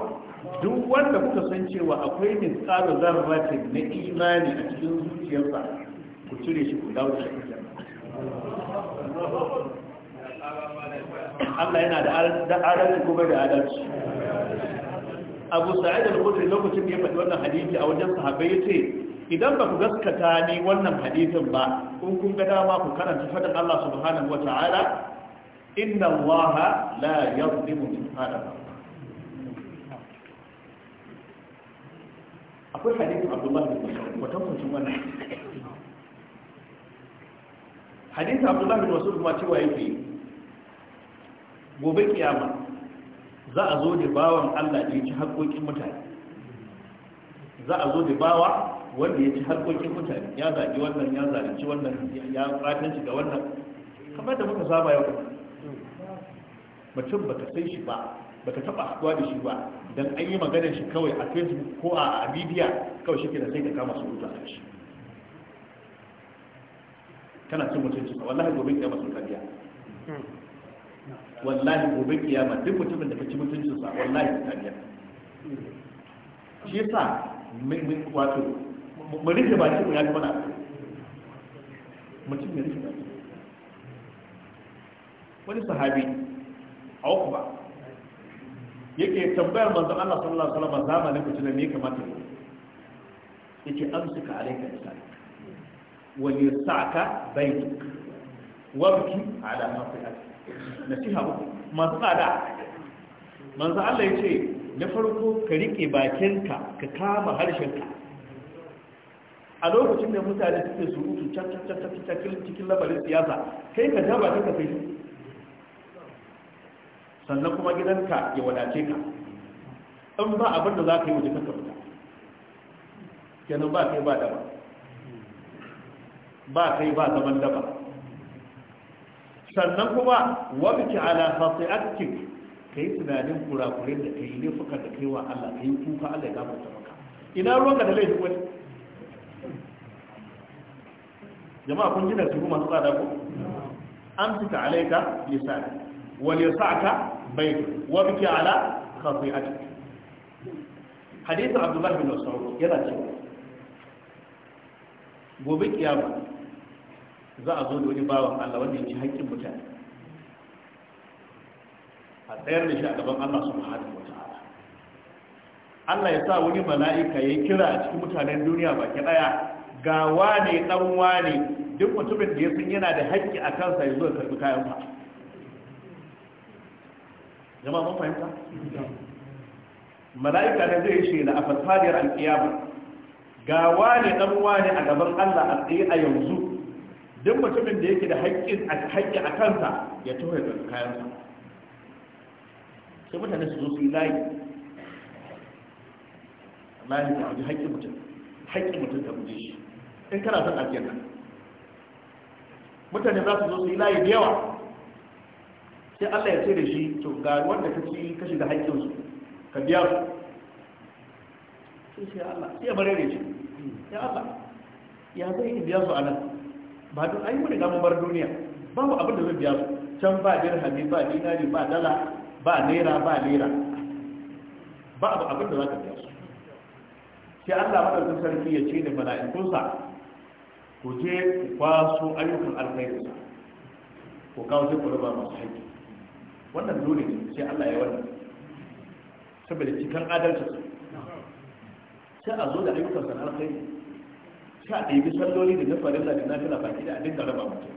duk wanda kuka san cewa akwai misalu zarratin na imani a cikin zuciyarsa ku cire shi ku dawo shi Allah yana da adalci kuma da adalci abu sa'id al-khudri lokacin da ya faɗi wannan hadisi a wajen sahabbai yace idan ba ku gaskata ni wannan hadisin ba kun kun ga dama ku karanta fadin Allah subhanahu wata'ala inna Allah la yadhlimu mithqala akwai hadisin Abdullah bin Mas'ud wata mutum wannan hadisin Abdullah bin Mas'ud kuma cewa yake gobe kiyama za a zo da bawan Allah da ya ci haƙoƙin mutane za a zo da bawa wanda ya ci haƙoƙin mutane ya zaɓi wannan ya zalunci wannan ya fatan ga wannan kamar da muka saba yau mutum ba san shi ba ba ta taɓa haɗuwa da shi ba don an yi maganar shi kawai a facebook ko a media kawai shi ke da sai ka kama su a shi kana cin mutunci wallahi gobe ya masu kariya hmm. wallahi gobe kiyama duk mutumin da ka ci sa wallahi ta biya shi yasa wato mu rike ba mu ya fi mana mutum ya rike ba wani sahabi a yake tambayar manzo Allah sallallahu alaihi wasallam zamanin ku tunan ne kamata ne yake amsuka alaika misali wal yasaka baituk wabki ala ma na nasiha uku masu tsada manzo Allah yace na farko ka rike bakinka ka kama harshenka a lokacin da mutane suke surutu cakcakcakcakil cikin labarin siyasa kai ka jaba ta kai sannan kuma gidanka ya wadace ka in ba abin da za ka yi waje ka fita kenan ba kai ba daba ba kai ba zaman daba sannan kuma wabci ala khati'atik kai tunanin kurakuren da kai ne fuka da kai wa Allah kai kuka Allah ya gafarta maka ina ruwanka da laifi wani jama'a kun gina da su masu tsada ko An fita alaika lisani wal yasaka bayt wabki ala khati'atik hadith abdullah bin mas'ud yana cewa gobe kiyama za a zo da wani bawan Allah wanda yake ci haƙƙin mutane a tsayar da shi a gaban Allah subhanahu wata ala. Allah ya sa wani mala'ika ya kira a cikin mutanen duniya baki ɗaya. ga wane ɗan wane duk mutumin da ya san yana da haƙƙi a kansa ya zo ya karbi kayan fa jama'a mun fahimta mala'ika ne zai shela na fasadiyar alƙiyama ga wane ɗan wane a gaban Allah a tsaye a yanzu duk mutumin da yake da haƙƙin haƙƙi a kansa ya tuhe da sa sai mutane su zo su yi layi layi da abin haƙƙin mutum haƙƙin mutum da buje shi in kana son ajiyar nan mutane za su zo su yi layi da yawa sai Allah ya ce da shi to ga wanda ka ci shiga haƙƙin haƙƙinsu ka biya su sai sai Allah sai ya bare da shi ya Allah ya zai biya su a nan ba don ayi yi mun mun bar duniya babu abin da zai biya su can ba dirhami ba dinari ba dala ba naira ba lira. ba abu abin da za ka biya su sai Allah madaukakin sarki ya ce in mala'ikunsa ku je ku kwaso ayyukan alkhairi ko kawo sai ku raba masu haƙƙi wannan dole ne sai Allah ya wannan saboda cikin adalci sai a zo da ayyukan sana'ar kai ka bi salloli da na farilla da nafila baki da a dinga raba mutum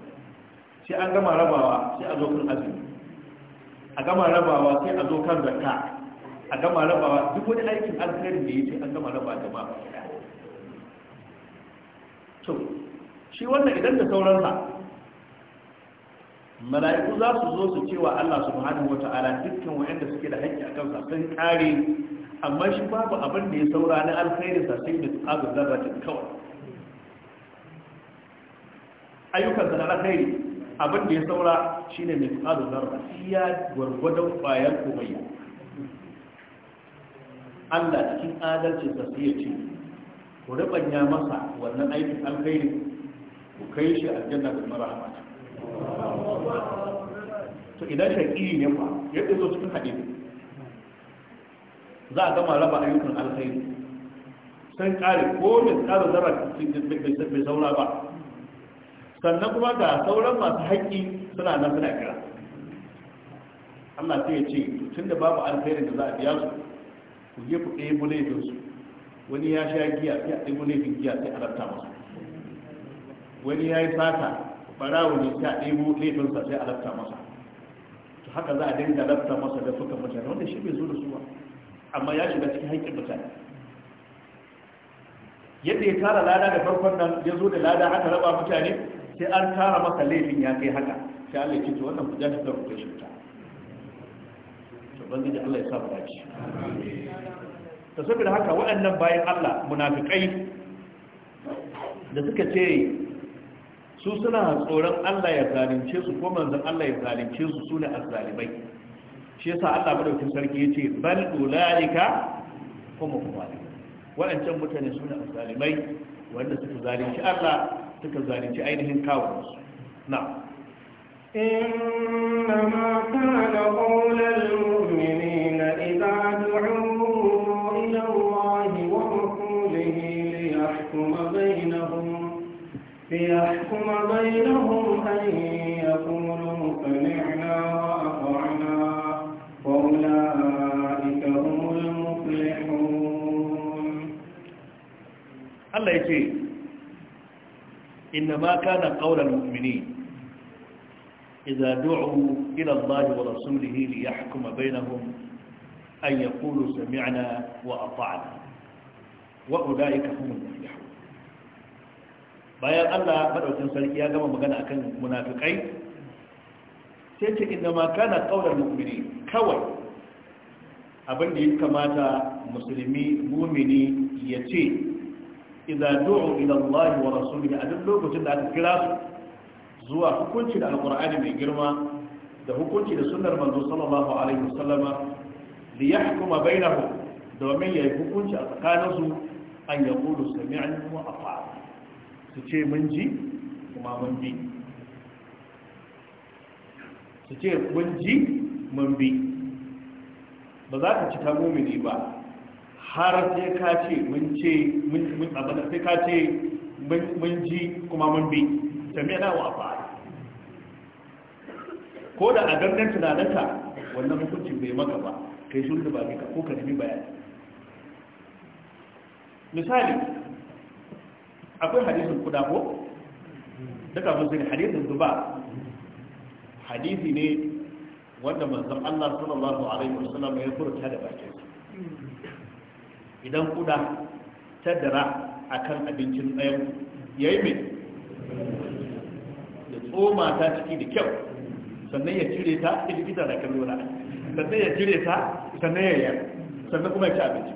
sai an gama rabawa sai a zo kan azumi a gama rabawa sai a zo kan zakka a gama rabawa duk wani aikin alkhairi da ce an gama raba gama baki to shi wannan idan da sauransa mala'iku za su zo su cewa Allah subhanahu wata'ala dukkan wanda suke da haƙƙi akan sa sun kare amma shi babu abin da ya saura na alkhairi sa sai da tsabar zarratin kawai Ayyukan ayyukansa na alkhairi abin da ya saura shine mai tsaro zarra rafiya gwargwadon bayan komai Allah cikin adalcin da sai ya ce ku rubanya masa wannan aikin alkhairi ku kai shi aljanna da marhama to idan shaqi ne fa yadda zo cikin hadisi za a gama raba ayyukan alkhairi sai kare ko mai tsaro zarra cikin bai saura ba sannan kuma ga sauran masu haƙƙi suna nan suna kira Allah sai ya ce tun da babu alkhairin da za a biya su ku je ku ɗebo laifin su wani ya sha giya ya ɗebo laifin giya sai a rabta masu, wani ya yi sata ɓarawo ne ya ɗebo laifinsa sai a rabta masa to haka za a dinga rabta masa da suka mutane wanda shi bai zo da su ba amma ya shiga cikin haƙƙin mutane yadda ya tara lada da farkon nan ya zo da lada aka raba mutane sai an tara masa laifin ya kai haka sai Allah ya ce to wannan ku jashi da kuka shuta to bangi da Allah ya sa mu dace to saboda haka waɗannan bayan Allah munafikai da suka ce su suna tsoron Allah ya zalunce su ko manzon Allah ya zalunce su sune azzalimai shi yasa Allah madaukakin sarki yace bal ulaika kuma kuma waɗancan mutane su ne zalimai wanda suka zalunci Allah suka zalunci ainihin kawunansu na inna kana qawlal mu'minina idza du'u ila allahi wa rasulihi liyahkum bainahum liyahkum bainahum an yaqulu sami'na wa Allah ya ce inna ma kana qawlal mu'mini idza du'u ila Allah wa rasulihi li yahkuma bainahum an yaqulu sami'na wa ata'na wa ulaika humul muflihun bayan Allah madaukin sarki ya gama magana akan munafikai sai ce inna ma kana qawlal mu'mini kawai abin da ya kamata musulmi mumini ya ce Idan du'u ila Allah wa rasulihi a duk lokacin da aka kira su zuwa hukunci da alqur'ani mai girma da hukunci da sunnar manzo sallallahu alaihi wasallama li yahkuma bainahum domin yayi hukunci a tsakaninsu an yaqulu sami'na wa ata'na su ce mun ji kuma mun bi su ce mun ji mun bi ba za ka cika mumini ba har sai ka ce mun ce mun abada sai ka ce mun ji kuma mun bi sami'na wa fa'ala ko da a gangan tunanaka wannan hukuncin bai maka ba kai sun da ka ko ka nemi bayani misali akwai hadisin kuda ko daga musulun hadisin zuba hadisi ne wanda manzon Allah sallallahu alaihi wasallam ya furta da bakin idan kuda ta dara a kan abincin ɗayan ya yi mai ya tsoma ta ciki da kyau sannan ya cire ta fi likita da kan lura. sannan ya cire ta sannan ya yi sannan kuma ya ci abinci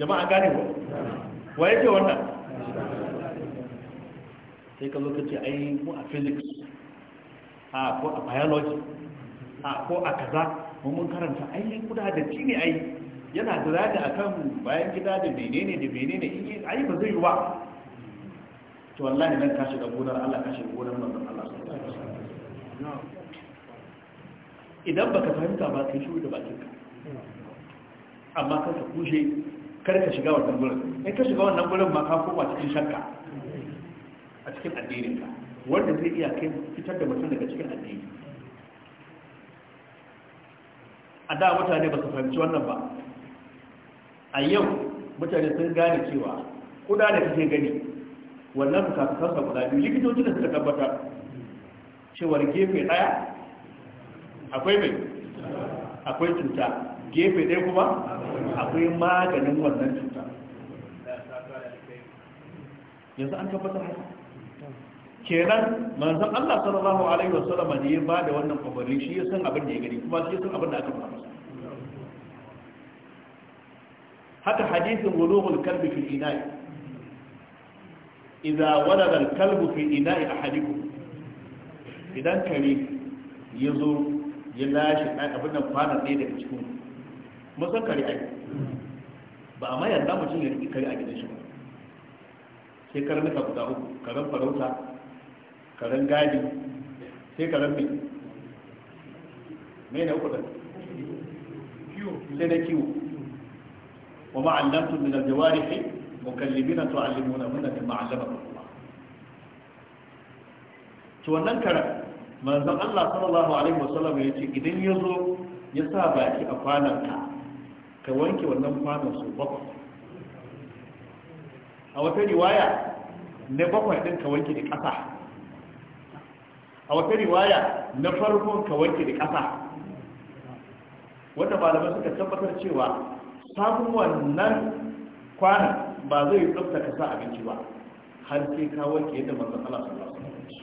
jama'a gane wa wa yake wannan sai ka lokaci a yi mu a physics a ko a biology a ko a kaza mun karanta ainihin kuda da ci ne ai yana tura da akan bayan gida da menene da menene in ayi ba zai yi ba to wallahi nan ka shiga gonar Allah ka shiga gonar manzon Allah idan baka fahimta ba kai shiru da bakin ka amma ka kushe kar ka shiga wannan gurin in ka shiga wannan gurin ma ka koma cikin shakka a cikin addinin ka wanda zai iya kai fitar da mutum daga cikin addini a da mutane ba su fahimci wannan ba a yau mutane sun gane cewa kuda da kake gani wannan fukafukansa guda biyu likitoci da suka tabbatar cewar gefe ɗaya akwai mai akwai cuta gefe ɗaya kuma akwai maganin wannan cuta yanzu an tabbatar haka kenan manzon Allah sallallahu alaihi wasallam ne ya bada wannan umarni shi ya san abin da ya gani kuma shi ya san abin da aka fara masa haka hadisin wulughul kalbi fil ina'i idza walada al kalbu fi ina'i ahadikum idan kare ya zo ya lashe ɗan abin nan kwanan ɗaya daga cikin musan kare ai ba a mayar da mutum ya riƙi kare a gidan shi ba sai karnuka guda uku karen farauta karen gadi sai karen mai mai na uku da sai na kiwo وما علمتم من الجوارح مكلمين تعلمونهن مما علمكم الله to wannan karan manzon Allah sallallahu ya ce idan ya zo ya sa baki a kwananka ka wanke wannan kwanan su bakwai a wata riwaya na bakwai din ka wanke da ƙasa a wata riwaya na farkon ka wanke ƙasa wanda malamai suka tabbatar cewa kafin wannan kwana ba zai tsafta ka abinci ba har sai ka wanke yadda manzon Allah su alaihi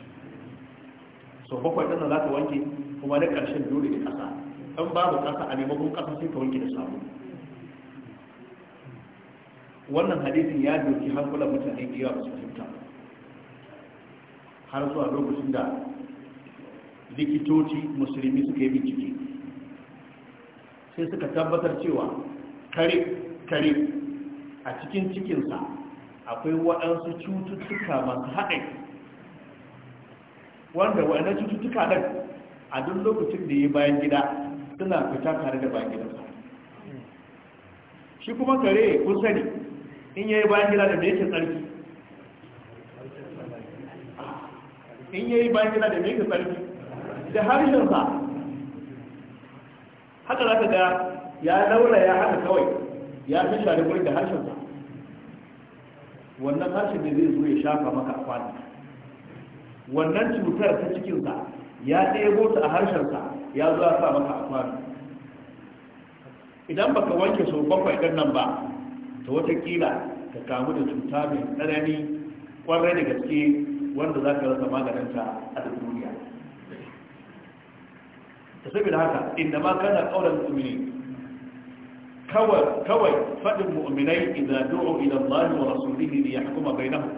so bakwai din za ka wanke kuma da ƙarshen dole da ƙasa in babu ƙasa a maimakon ƙasa sai ka wanke da sabu wannan hadisin ya doki hankulan mutane da yawa su fahimta har zuwa lokacin da likitoci musulmi suka yi bincike sai suka tabbatar cewa kare kare a cikin cikinsa akwai waɗansu cututtuka masu haɗe wanda waɗannan cututtuka ɗin a duk lokacin da ya bayan gida suna fita tare da bayan gidansa shi kuma kare kun sani in ya yi bayan gida da me tsarki in ya yi bayan gida da meke tsarki da harshensa haka za ka ga ya daura ya hada kawai ya fi shari gurin da harshen wannan harshen ne zai zo ya shafa maka kwani wannan cutar ta cikinsa ya ɗebo ta a harshen sa ya zo ya sa maka kwani idan baka wanke sau bakwai ɗin nan ba ta watakila ka kamu da cuta mai tsanani kwarai da gaske wanda za ka rasa maganinta a duniya ta saboda haka inda ma kana ƙaunar tsumini kawai faɗin mu'minai idan du'u ila Allah wa rasulihi li yahkuma bainahum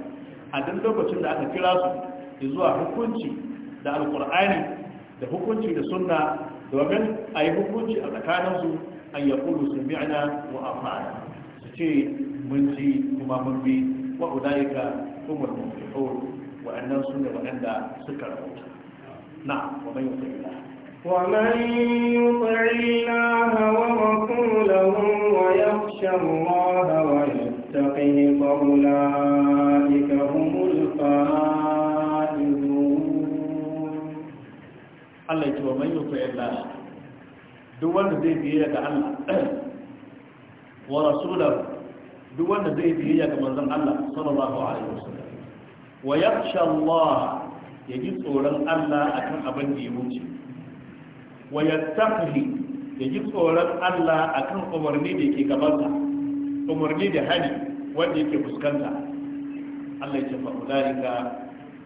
a duk lokacin da aka kira su zuwa hukunci da alqur'ani da hukunci da sunna domin a yi hukunci a tsakanin su an yaqulu sami'na wa ata'na su ce mun ji kuma mun bi wa ulaika humul muflihun wa annan sunna wa anda suka rabu na wa man yuti ومن يطع الله ورسوله ويخشى الله ويتقه فاولئك هم Allah ce wa mai yuto yadda duk wanda zai biye ga Allah wa rasulun duk wanda zai biye ga manzan Allah sallallahu alaihi wasallam wa yaksha Allah ya ji tsoron Allah akan abin da ya wuce wa tafi ya ji tsoron Allah akan umarni da yake gabansa umarni da hali wanda yake fuskanta Allah ya tafa ulaika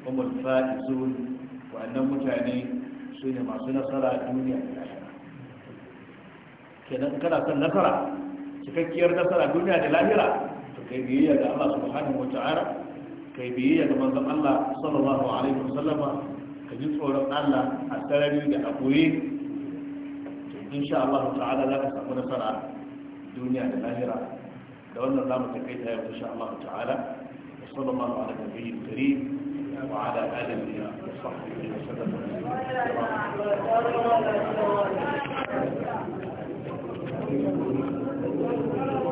umul faizun wa'annan mutane su ne masu nasara duniya da lahira kenan kana son nasara cikakkiyar nasara duniya da lahira to kai biyayya ga Allah subhanahu wata'ala kai biyayya ga manzon Allah sallallahu alaihi wasallama ka ji tsoron Allah a sarari da a إن شاء الله تعالى لا تكون صرعة دنيا الآخرة لو أن الله متكيد إن شاء الله تعالى وصلى الله على النبي الكريم وعلى آله وصحبه وسلم وسلم